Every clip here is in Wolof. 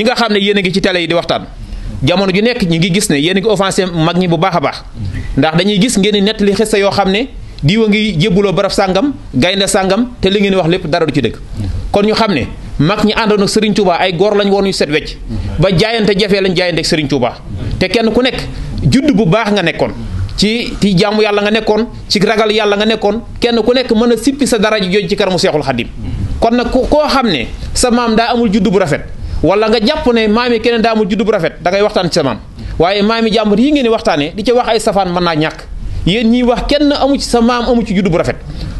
ñi nga xam ne yéen a ngi ci tale yi di waxtaan jamono ji nekk ñi ngi gis ne yéen a ngi offensé mag ñi bu baax a baax ndax dañuy gis ngeen di nettali sa yoo xam ne diwa ngi jébbuloo barab sàngam gaynde sàngam te li ngeen wax lépp dara du ci dëkk kon ñu xam ne mag ñi àndoon ak Serigne Touba ay góor lañ woon yu set wecc ba jaayante jafe lañ jaayante ak Serigne Touba te kenn ku nekk judd bu baax nga nekkoon ci ci jàmm yàlla nga nekkoon ci ragal yàlla nga nekkoon kenn ku nekk mën a sippi sa dara ji jooju ci karamu Seexul Xadim kon nag koo xam ne sa maam daa amul judd bu rafet wala nga jàpp ne maami keneen daa mu juddu bu rafet da waxtaan ci sa maam waaye maami jàmbur yi ngeen di waxtaanee di ca wax ay safaan man naa ñàkk yéen ñiy wax kenn amu ci sa maam amu ci juddu bu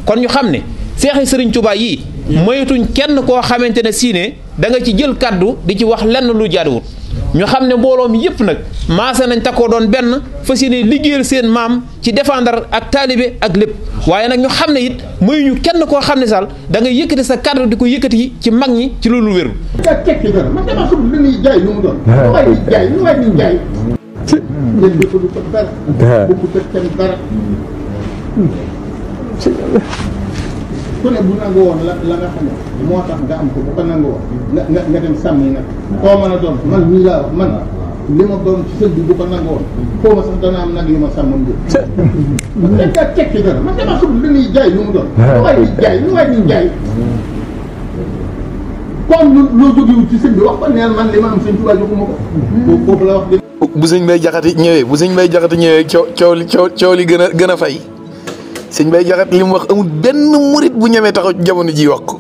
kon ñu xam ne seexi sëriñ Tuubaa yii moytuñ kenn koo xamante ne siine danga ci jël kàddu di ci wax lenn lu jaaduwut ñu xam ne mbooloo mi yëpp nag maase nañ takkoo doon benn fas yéene liggéeyal seen maam ci défendre ak taalibe ak lépp waaye nag ñu xam ne it mooy ñu kenn koo xam ne sal da ngay yëkkati sa cadre di ko yëkkati ci mag ñi ci loolu wérul jaay ku ne bu nangu woon la la nga xam ne moo tax nga am ko bu ko nangu woon nga nga nga dem sàmm yi nag koo mën a doon man mii laa wax man li ma doon sëñ bi bu ko nangu woon xaw ma sax dana am nag li ma sàmmam bi dañ kaa tekki dara man dama xamul li ñuy jaay lu mu doon lu waay di jaay lu waay di jaay comme lu loo jógewul ci sëñ bi wax ko neen man li ma am sëñ Tuubaa joxuma ko foofu la wax bu sëñ bay jaxati ñëwee bu sëñ bay jaxati ñëwee coow coow li coow li gën a gën a fay sëñ bay Diakhaté li mu wax amul benn murit bu ñemee tax jamono ji wax ko.